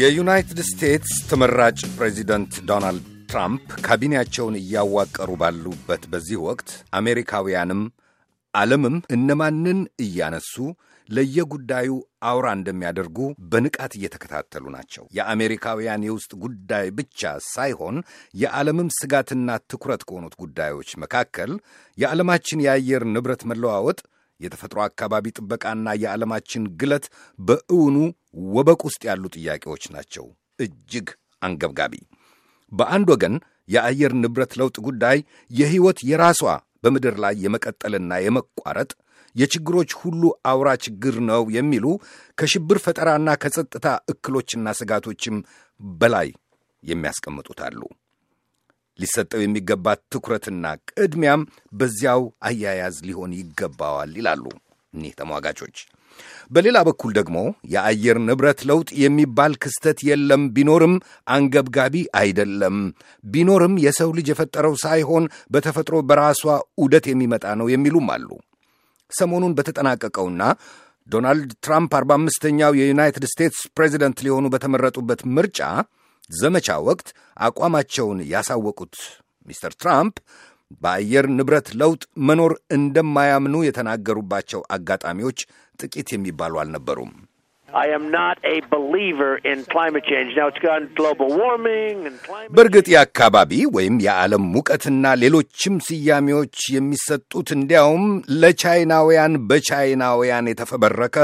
የዩናይትድ ስቴትስ ተመራጭ ፕሬዚደንት ዶናልድ ትራምፕ ካቢኔያቸውን እያዋቀሩ ባሉበት በዚህ ወቅት አሜሪካውያንም ዓለምም እነማንን እያነሱ ለየጉዳዩ አውራ እንደሚያደርጉ በንቃት እየተከታተሉ ናቸው። የአሜሪካውያን የውስጥ ጉዳይ ብቻ ሳይሆን የዓለምም ስጋትና ትኩረት ከሆኑት ጉዳዮች መካከል የዓለማችን የአየር ንብረት መለዋወጥ የተፈጥሮ አካባቢ ጥበቃና የዓለማችን ግለት በእውኑ ወበቅ ውስጥ ያሉ ጥያቄዎች ናቸው፣ እጅግ አንገብጋቢ። በአንድ ወገን የአየር ንብረት ለውጥ ጉዳይ የሕይወት የራሷ በምድር ላይ የመቀጠልና የመቋረጥ የችግሮች ሁሉ አውራ ችግር ነው የሚሉ ከሽብር ፈጠራና ከጸጥታ እክሎችና ስጋቶችም በላይ የሚያስቀምጡት አሉ። ሊሰጠው የሚገባ ትኩረትና ቅድሚያም በዚያው አያያዝ ሊሆን ይገባዋል ይላሉ እኒህ ተሟጋቾች። በሌላ በኩል ደግሞ የአየር ንብረት ለውጥ የሚባል ክስተት የለም፣ ቢኖርም አንገብጋቢ አይደለም፣ ቢኖርም የሰው ልጅ የፈጠረው ሳይሆን በተፈጥሮ በራሷ ዑደት የሚመጣ ነው የሚሉም አሉ። ሰሞኑን በተጠናቀቀውና ዶናልድ ትራምፕ አርባ አምስተኛው የዩናይትድ ስቴትስ ፕሬዚደንት ሊሆኑ በተመረጡበት ምርጫ ዘመቻ ወቅት አቋማቸውን ያሳወቁት ሚስተር ትራምፕ በአየር ንብረት ለውጥ መኖር እንደማያምኑ የተናገሩባቸው አጋጣሚዎች ጥቂት የሚባሉ አልነበሩም። በእርግጥ የአካባቢ ወይም የዓለም ሙቀትና ሌሎችም ስያሜዎች የሚሰጡት እንዲያውም ለቻይናውያን በቻይናውያን የተፈበረከ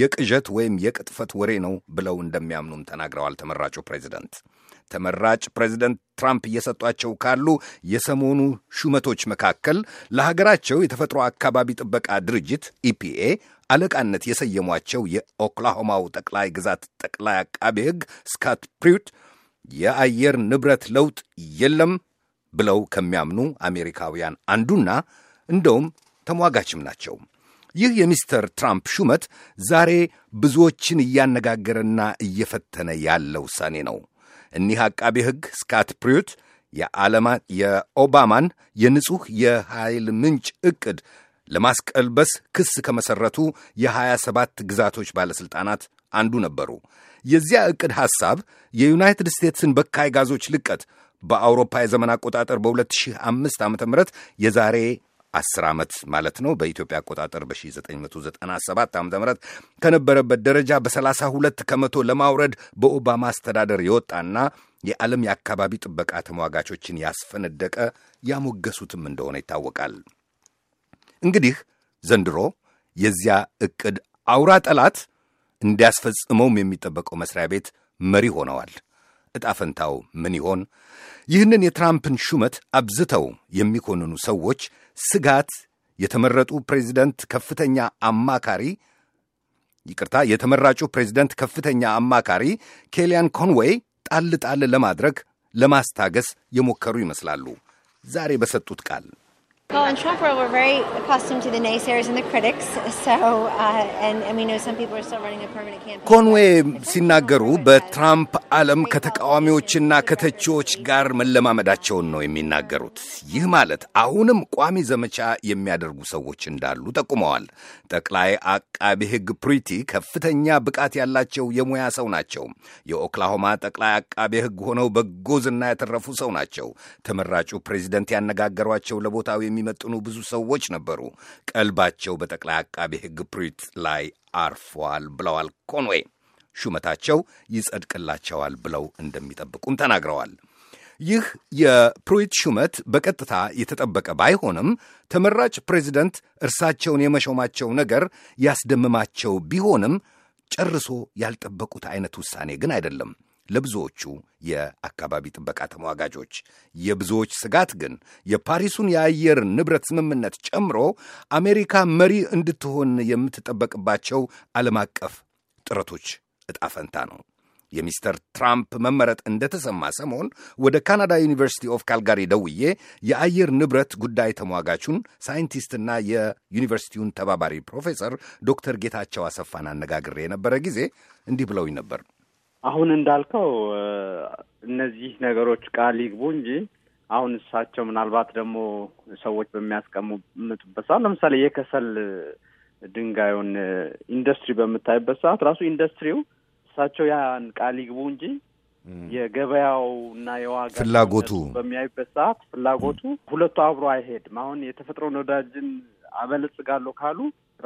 የቅዠት ወይም የቅጥፈት ወሬ ነው ብለው እንደሚያምኑም ተናግረዋል ተመራጩ ፕሬዚደንት። ተመራጭ ፕሬዚደንት ትራምፕ እየሰጧቸው ካሉ የሰሞኑ ሹመቶች መካከል ለሀገራቸው የተፈጥሮ አካባቢ ጥበቃ ድርጅት ኢፒኤ አለቃነት የሰየሟቸው የኦክላሆማው ጠቅላይ ግዛት ጠቅላይ አቃቤ ሕግ ስካት ፕሪዩት የአየር ንብረት ለውጥ የለም ብለው ከሚያምኑ አሜሪካውያን አንዱና እንደውም ተሟጋችም ናቸው። ይህ የሚስተር ትራምፕ ሹመት ዛሬ ብዙዎችን እያነጋገረና እየፈተነ ያለ ውሳኔ ነው። እኒህ አቃቤ ሕግ ስካት ፕሪዩት የዓለማ የኦባማን የንጹሕ የኃይል ምንጭ ዕቅድ ለማስቀልበስ ክስ ከመሠረቱ የሀያ ሰባት ግዛቶች ባለሥልጣናት አንዱ ነበሩ። የዚያ ዕቅድ ሐሳብ የዩናይትድ ስቴትስን በካይ ጋዞች ልቀት በአውሮፓ የዘመን አቆጣጠር በ2005 ዓ ም የዛሬ 10 ዓመት ማለት ነው። በኢትዮጵያ አቆጣጠር በ1997 ዓ ም ከነበረበት ደረጃ በ32 ከመቶ ለማውረድ በኦባማ አስተዳደር የወጣና የዓለም የአካባቢ ጥበቃ ተሟጋቾችን ያስፈነደቀ ያሞገሱትም እንደሆነ ይታወቃል። እንግዲህ ዘንድሮ የዚያ እቅድ አውራ ጠላት እንዲያስፈጽመውም የሚጠበቀው መስሪያ ቤት መሪ ሆነዋል። ዕጣ ፈንታው ምን ይሆን? ይህንን የትራምፕን ሹመት አብዝተው የሚኮንኑ ሰዎች ስጋት የተመረጡ ፕሬዚደንት ከፍተኛ አማካሪ ይቅርታ፣ የተመራጩ ፕሬዚደንት ከፍተኛ አማካሪ ኬሊያን ኮንዌይ ጣል ጣል ለማድረግ ለማስታገስ የሞከሩ ይመስላሉ ዛሬ በሰጡት ቃል Well, in Trump world, we're very accustomed to the naysayers and the critics. So, uh, and, and we know some people are still running a permanent campaign. ኮንዌይ ሲናገሩ በትራምፕ ዓለም ከተቃዋሚዎችና ከተቺዎች ጋር መለማመዳቸውን ነው የሚናገሩት። ይህ ማለት አሁንም ቋሚ ዘመቻ የሚያደርጉ ሰዎች እንዳሉ ጠቁመዋል። ጠቅላይ አቃቢ ሕግ ፕሪቲ ከፍተኛ ብቃት ያላቸው የሙያ ሰው ናቸው። የኦክላሆማ ጠቅላይ አቃቢ ሕግ ሆነው በጎዝና ዝና ያተረፉ ሰው ናቸው። ተመራጩ ፕሬዚደንት ያነጋገሯቸው ለቦታው የሚ የሚመጥኑ ብዙ ሰዎች ነበሩ ቀልባቸው በጠቅላይ አቃቢ ሕግ ፕሪት ላይ አርፏል ብለዋል ኮንዌይ። ሹመታቸው ይጸድቅላቸዋል ብለው እንደሚጠብቁም ተናግረዋል። ይህ የፕሩዊት ሹመት በቀጥታ የተጠበቀ ባይሆንም ተመራጭ ፕሬዚደንት እርሳቸውን የመሾማቸው ነገር ያስደምማቸው ቢሆንም ጨርሶ ያልጠበቁት አይነት ውሳኔ ግን አይደለም። ለብዙዎቹ የአካባቢ ጥበቃ ተሟጋጆች። የብዙዎች ስጋት ግን የፓሪሱን የአየር ንብረት ስምምነት ጨምሮ አሜሪካ መሪ እንድትሆን የምትጠበቅባቸው ዓለም አቀፍ ጥረቶች ዕጣ ፈንታ ነው። የሚስተር ትራምፕ መመረጥ እንደተሰማ ሰሞን ወደ ካናዳ ዩኒቨርሲቲ ኦፍ ካልጋሪ ደውዬ የአየር ንብረት ጉዳይ ተሟጋቹን ሳይንቲስትና የዩኒቨርሲቲውን ተባባሪ ፕሮፌሰር ዶክተር ጌታቸው አሰፋን አነጋግሬ የነበረ ጊዜ እንዲህ ብለውኝ ነበር። አሁን እንዳልከው እነዚህ ነገሮች ቃል ይግቡ እንጂ አሁን እሳቸው ምናልባት ደግሞ ሰዎች በሚያስቀምጡበት ሰዓት ለምሳሌ የከሰል ድንጋዩን ኢንዱስትሪ በምታይበት ሰዓት ራሱ ኢንዱስትሪው እሳቸው ያን ቃል ይግቡ እንጂ የገበያው እና የዋጋ ፍላጎቱ በሚያዩበት ሰዓት ፍላጎቱ ሁለቱ አብሮ አይሄድም። አሁን የተፈጥሮ ነዳጅን አበለጽጋለሁ ካሉ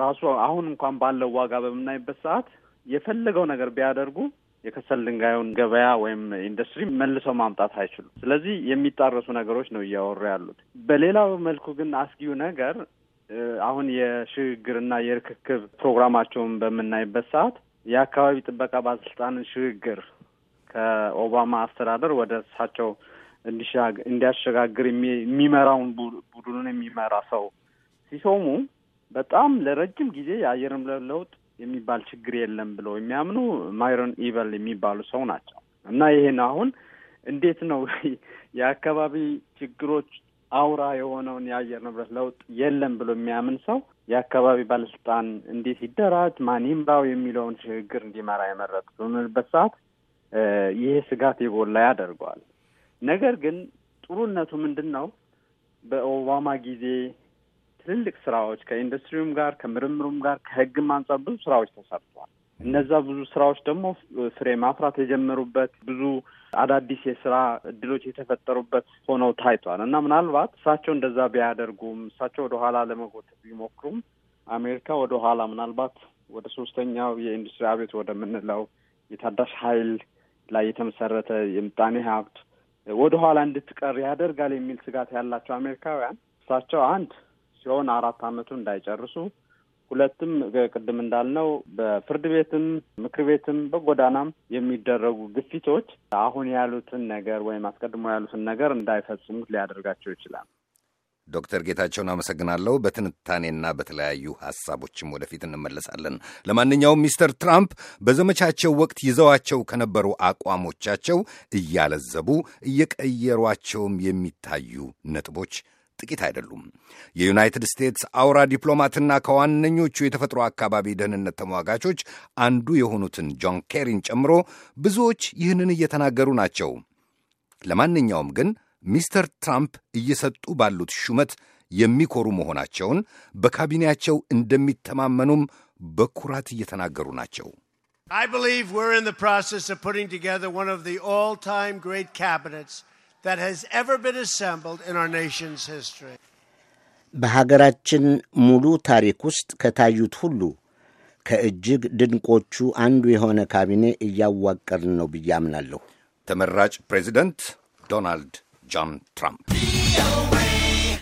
ራሱ አሁን እንኳን ባለው ዋጋ በምናይበት ሰዓት የፈለገው ነገር ቢያደርጉ የከሰል ድንጋዩን ገበያ ወይም ኢንዱስትሪ መልሰው ማምጣት አይችሉም። ስለዚህ የሚጣረሱ ነገሮች ነው እያወሩ ያሉት። በሌላው መልኩ ግን አስጊው ነገር አሁን የሽግግርና የርክክብ ፕሮግራማቸውን በምናይበት ሰዓት የአካባቢ ጥበቃ ባለስልጣንን ሽግግር ከኦባማ አስተዳደር ወደ እሳቸው እንዲያሸጋግር የሚመራውን ቡድኑን የሚመራ ሰው ሲሶሙ በጣም ለረጅም ጊዜ የአየር ለውጥ የሚባል ችግር የለም ብለው የሚያምኑ ማይሮን ኢቨል የሚባሉ ሰው ናቸው እና ይህን አሁን እንዴት ነው የአካባቢ ችግሮች አውራ የሆነውን የአየር ንብረት ለውጥ የለም ብሎ የሚያምን ሰው የአካባቢ ባለስልጣን እንዴት ይደራጅ፣ ማን ይምራው የሚለውን ችግር እንዲመራ የመረጡ በምንበት ሰዓት ይሄ ስጋት የጎላ ያደርገዋል። ነገር ግን ጥሩነቱ ምንድን ነው? በኦባማ ጊዜ ትልልቅ ስራዎች ከኢንዱስትሪውም ጋር ከምርምሩም ጋር ከህግም አንጻር ብዙ ስራዎች ተሰርተዋል። እነዛ ብዙ ስራዎች ደግሞ ፍሬ ማፍራት የጀመሩበት ብዙ አዳዲስ የስራ እድሎች የተፈጠሩበት ሆነው ታይቷል እና ምናልባት እሳቸው እንደዛ ቢያደርጉም እሳቸው ወደ ኋላ ለመጎተት ቢሞክሩም አሜሪካ ወደ ኋላ ምናልባት ወደ ሶስተኛው የኢንዱስትሪ አቤት ወደምንለው የታዳሽ ኃይል ላይ የተመሰረተ የምጣኔ ሀብት ወደ ኋላ እንድትቀር ያደርጋል የሚል ስጋት ያላቸው አሜሪካውያን እሳቸው አንድ ሲሆን አራት አመቱ እንዳይጨርሱ ሁለትም ቅድም እንዳልነው በፍርድ ቤትም ምክር ቤትም በጎዳናም የሚደረጉ ግፊቶች አሁን ያሉትን ነገር ወይም አስቀድሞ ያሉትን ነገር እንዳይፈጽሙት ሊያደርጋቸው ይችላል። ዶክተር ጌታቸውን አመሰግናለሁ። በትንታኔና በተለያዩ ሀሳቦችም ወደፊት እንመለሳለን። ለማንኛውም ሚስተር ትራምፕ በዘመቻቸው ወቅት ይዘዋቸው ከነበሩ አቋሞቻቸው እያለዘቡ እየቀየሯቸውም የሚታዩ ነጥቦች ጥቂት አይደሉም። የዩናይትድ ስቴትስ አውራ ዲፕሎማትና ከዋነኞቹ የተፈጥሮ አካባቢ ደህንነት ተሟጋቾች አንዱ የሆኑትን ጆን ኬሪን ጨምሮ ብዙዎች ይህንን እየተናገሩ ናቸው። ለማንኛውም ግን ሚስተር ትራምፕ እየሰጡ ባሉት ሹመት የሚኮሩ መሆናቸውን በካቢኔያቸው እንደሚተማመኑም በኩራት እየተናገሩ ናቸው። I believe we're in the process of putting together one of the all-time great cabinets that has ever been assembled in our nation's history. በሀገራችን ሙሉ ታሪክ ውስጥ ከታዩት ሁሉ ከእጅግ ድንቆቹ አንዱ የሆነ ካቢኔ እያዋቀርን ነው ብዬ አምናለሁ። ተመራጭ ፕሬዚደንት ዶናልድ ጆን ትራምፕ